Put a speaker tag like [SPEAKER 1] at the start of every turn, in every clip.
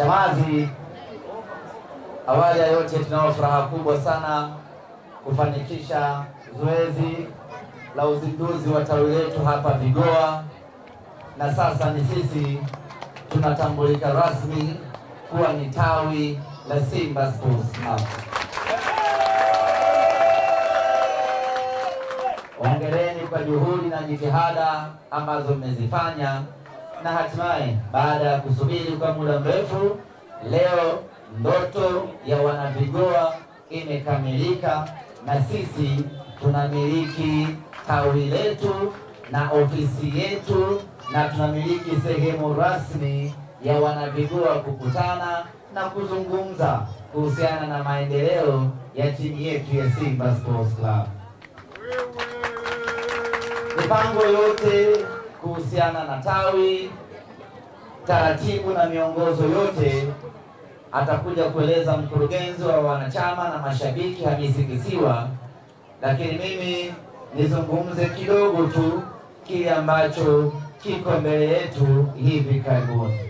[SPEAKER 1] Chamazi, awali ya yote, tunao furaha kubwa sana kufanikisha zoezi la uzinduzi wa tawi letu hapa Vigoa, na sasa ni sisi tunatambulika rasmi kuwa ni tawi la Simba Sports Club. Hongereni kwa juhudi na jitihada ambazo mmezifanya na hatimaye baada ya kusubiri kwa muda mrefu, leo ndoto ya wanavigoa imekamilika na sisi tunamiliki tawi letu na ofisi yetu na tunamiliki sehemu rasmi ya wanavigoa kukutana na kuzungumza kuhusiana na maendeleo ya timu yetu ya Simba Sports Club. Mipango yote kuhusiana na tawi, taratibu na miongozo yote atakuja kueleza mkurugenzi wa wanachama na mashabiki Hamisi Kisiwa, lakini mimi nizungumze kidogo tu kile ambacho kiko mbele yetu hivi karibuni.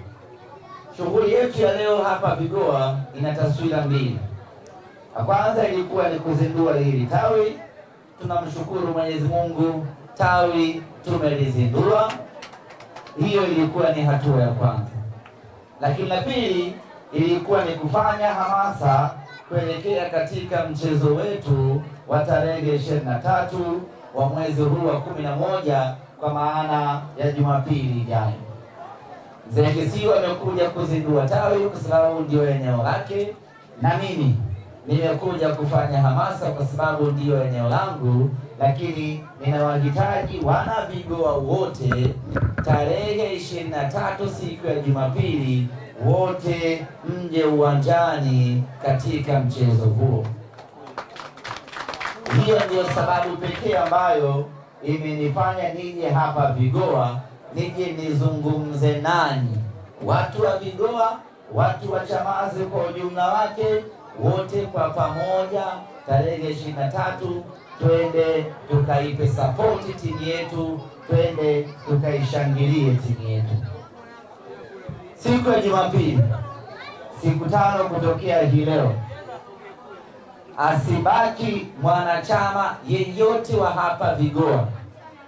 [SPEAKER 1] Shughuli yetu ya leo hapa Vigoa ina taswira mbili. Ya kwanza ilikuwa ni kuzindua hili tawi. Tunamshukuru Mwenyezi Mungu, tawi tumelizindua. Hiyo ilikuwa ni hatua ya kwanza, lakini la pili ilikuwa ni kufanya hamasa kuelekea katika mchezo wetu wa tarehe ishirini na tatu wa mwezi huu wa kumi na moja kwa maana ya Jumapili ijayo. Mzee Kisiu amekuja kuzindua tawi kwa sababu ndiyo eneo lake, na mimi nimekuja kufanya hamasa kwa sababu ndiyo eneo langu lakini ninawahitaji wana Vigoa wote tarehe ishirini na tatu siku ya Jumapili, wote mje uwanjani katika mchezo huo. Hiyo ndiyo sababu pekee ambayo imenifanya nije hapa Vigoa, nije nizungumze nanyi watu wa Vigoa, watu wa Chamazi kwa ujumla wake, wote kwa pamoja tarehe ishirini na tatu twende tukaipe sapoti timu yetu, twende tukaishangilie timu yetu. Siku ya Jumapili, siku tano kutokea hii leo, asibaki mwanachama yeyote wa hapa Vigoa.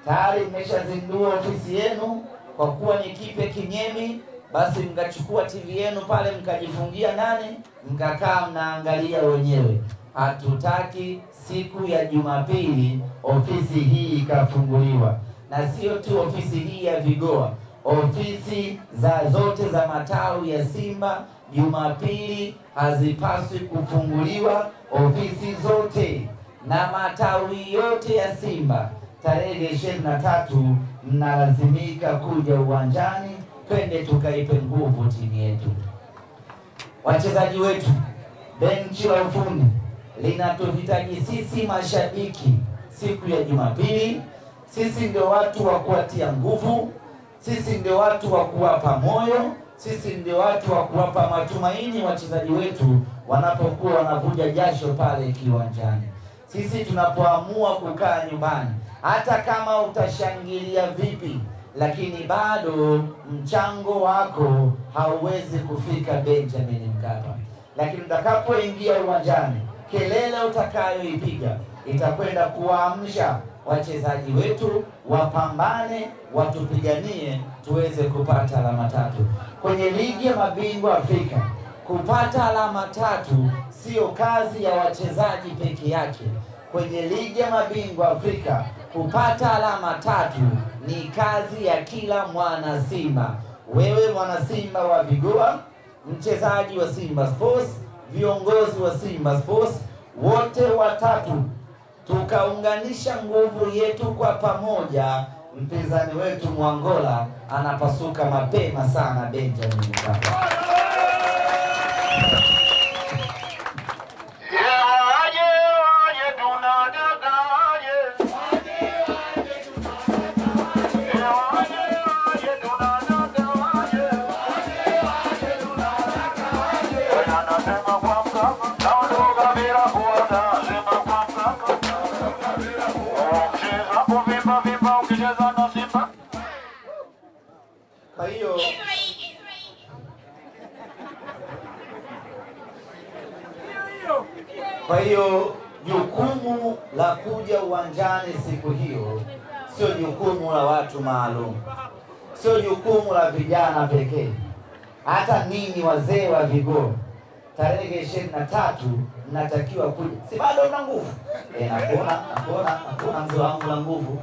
[SPEAKER 1] Tayari mmeshazindua ofisi yenu, kwa kuwa ni kipe kinyemi basi mkachukua TV yenu pale mkajifungia nani, mkakaa mnaangalia wenyewe. Hatutaki siku ya Jumapili ofisi hii ikafunguliwa, na sio tu ofisi hii ya Vigoa, ofisi za zote za matawi ya Simba Jumapili hazipaswi kufunguliwa, ofisi zote na matawi yote ya Simba tarehe ishirini na tatu mnalazimika kuja uwanjani, twende tukaipe nguvu timu yetu, wachezaji wetu, benchi la ufundi linatuhitaji sisi mashabiki siku ya Jumapili. Sisi ndio watu wa kuwatia nguvu, sisi ndio watu wa kuwapa moyo, sisi ndio watu wa kuwapa matumaini wachezaji wetu wanapokuwa wanavuja jasho pale kiwanjani. Sisi tunapoamua kukaa nyumbani, hata kama utashangilia vipi, lakini bado mchango wako hauwezi kufika Benjamin Mkapa, lakini utakapoingia uwanjani kelele utakayoipiga itakwenda kuwaamsha wachezaji wetu wapambane, watupiganie tuweze kupata alama tatu kwenye ligi ya mabingwa Afrika. Kupata alama tatu sio kazi ya wachezaji peke yake. Kwenye ligi ya mabingwa Afrika, kupata alama tatu ni kazi ya kila mwana Simba. Wewe mwana Simba wa Vigua, mchezaji wa Simba Sports viongozi wa Simba Sports wote watatu tukaunganisha nguvu yetu kwa pamoja, mpinzani wetu Mwangola anapasuka mapema sana Benjamin Mkapa. Kwa hiyo jukumu la kuja uwanjani siku hiyo sio jukumu la watu maalum, sio jukumu la vijana pekee, hata ninyi wazee wa vigoo tarehe ishirini na tatu natakiwa kuja. Si bado una nguvu e, nakuona nakuona nakuona mzee wangu na nguvu,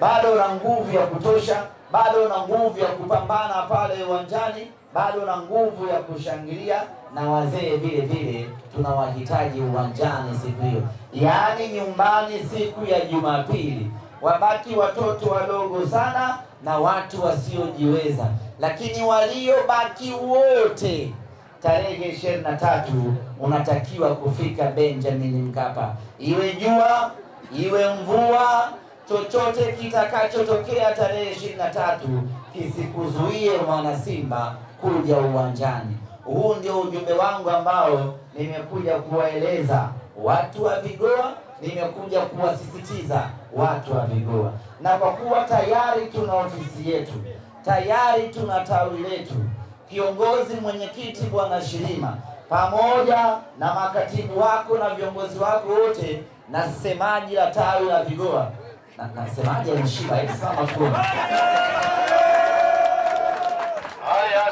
[SPEAKER 1] bado una nguvu ya kutosha, bado una nguvu ya kupambana pale uwanjani bado na nguvu ya kushangilia, na wazee vile vile tunawahitaji uwanjani siku hiyo, yaani nyumbani siku ya Jumapili wabaki watoto wadogo sana na watu wasiojiweza, lakini waliobaki wote tarehe ishirini na tatu unatakiwa kufika Benjamin Mkapa, iwe jua iwe mvua, chochote kitakachotokea tarehe ishirini na tatu kisikuzuie mwana Simba kuja uwanjani. Huu ndio ujumbe wangu ambao nimekuja kuwaeleza watu wa Vigoa, nimekuja kuwasisitiza watu wa Vigoa, na kwa kuwa tayari tuna ofisi yetu, tayari tuna tawi letu, kiongozi mwenyekiti Bwana Shirima pamoja na makatibu wako na viongozi wako wote na semaji la tawi la Vigoa na, na semaji ya Mshiba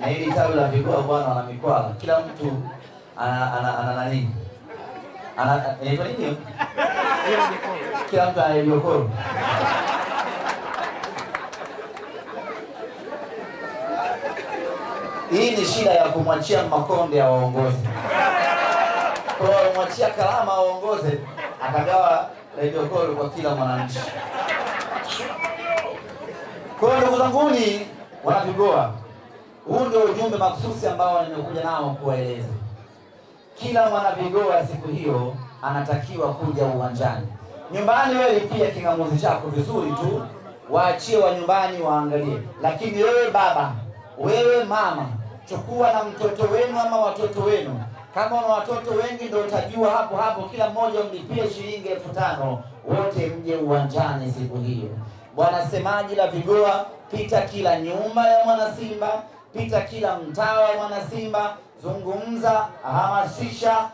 [SPEAKER 1] na hili tawi la Vigwaa bwana, wana mikwala, kila mtu ana nani, inaitwa nini, kila mtu ana jokoro Hii ni shida ya kumwachia makonde awaongoze, wamwachia Kalama awaongoze, akagawa redio kwa kila mwananchi. Kwa ndugu zanguni wanavigoa huu ndio ujumbe mahususi ambao nimekuja nao kuwaeleza. Kila mwanavigoa siku hiyo anatakiwa kuja uwanjani. Nyumbani wewe pia king'amuzi chako vizuri tu, waachie wa nyumbani waangalie, lakini wewe baba, wewe mama, chukua na mtoto wenu ama watoto wenu kama una watoto wengi ndio utajua hapo hapo, kila mmoja mlipie shilingi elfu tano wote mje uwanjani siku hiyo. Bwana semaji la vigoa, pita kila nyumba ya mwana Simba, pita kila mtaa wa Mwanasimba, zungumza, hamasisha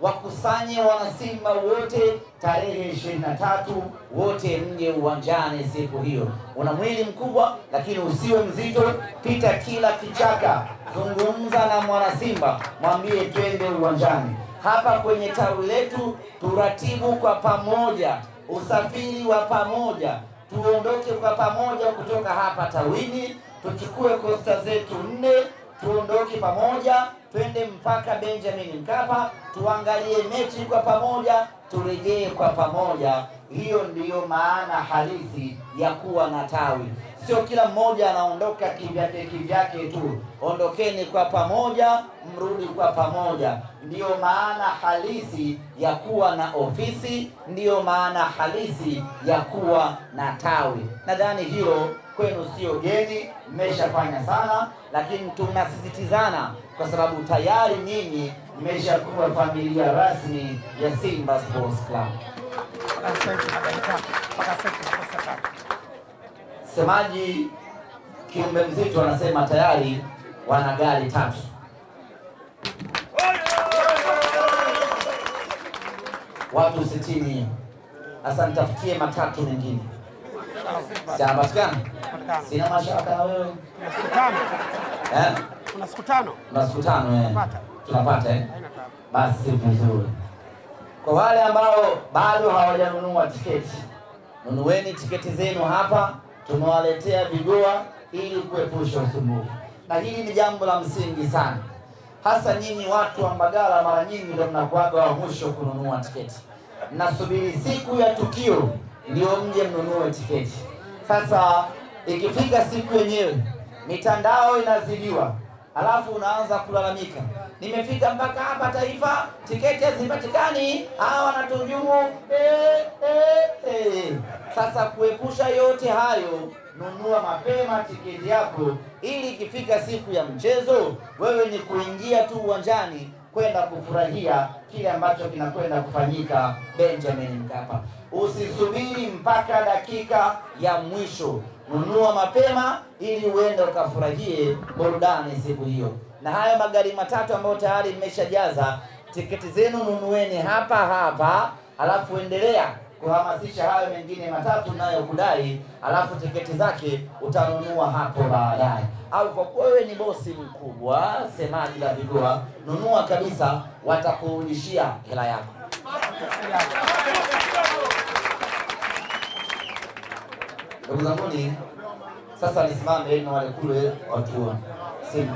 [SPEAKER 1] wakusanye wa, wa Wanasimba wote tarehe ishirini na tatu wote mje uwanjani siku hiyo. Una mwili mkubwa lakini usiwe mzito, pita kila kichaka, zungumza na Mwanasimba, mwambie twende uwanjani. Hapa kwenye tawi letu turatibu kwa pamoja usafiri wa pamoja, tuondoke kwa pamoja kutoka hapa tawini tuchukue kosta zetu nne tuondoke pamoja twende mpaka Benjamin Mkapa tuangalie mechi kwa pamoja turejee kwa pamoja. Hiyo ndiyo maana halisi ya kuwa na tawi, sio kila mmoja anaondoka kivyake kivyake tu. Ondokeni kwa pamoja, mrudi kwa pamoja. Ndiyo maana halisi ya kuwa na ofisi, ndiyo maana halisi ya kuwa na tawi. Nadhani hilo kwenu sio geni, mmeshafanya sana, lakini tunasisitizana kwa sababu tayari nyinyi mmeshakuwa familia rasmi ya Simba Sports Club. Semaji kiumbe mzito anasema tayari wana gari tatu. Watu sitini. Asante, tafutie matatu mengine. Siapatikana. Sina mashaka wewe. Kuna siku tano. Eh?
[SPEAKER 2] Kuna siku tano.
[SPEAKER 1] Kuna siku tano eh. Tunapata eh. Basi vizuri. Kwa wale ambao bado hawajanunua tiketi, nunueni tiketi zenu hapa, tumewaletea vigoa ili kuepusha usumbufu, na hili ni jambo la msingi sana, hasa nyinyi watu wa Mbagala. Mara nyingi ndio mnakuaga wa mwisho kununua tiketi, mnasubiri siku ya tukio ndio mje mnunue tiketi. Sasa ikifika siku yenyewe mitandao inazidiwa, alafu unaanza kulalamika, nimefika mpaka hapa Taifa, tiketi hazipatikani, hawa wanatujumu e, eh, e, eh, e. Eh. Sasa kuepusha yote hayo nunua mapema tiketi yako, ili ikifika siku ya mchezo, wewe ni kuingia tu uwanjani kwenda kufurahia kile ambacho kinakwenda kufanyika Benjamin Mkapa. Usisubiri mpaka dakika ya mwisho, nunua mapema ili uende ukafurahie burudani siku hiyo. Na haya magari matatu ambayo tayari mmeshajaza tiketi zenu, nunueni hapa hapa, alafu endelea kuhamasisha hayo mengine matatu nayokudai, alafu tiketi zake utanunua hapo baadaye au kwa kuwa wewe ni bosi mkubwa, semaji la vigua, nunua kabisa, watakurudishia hela yako. Ndugu zanguni, sasa nisimame na wale kule watu simu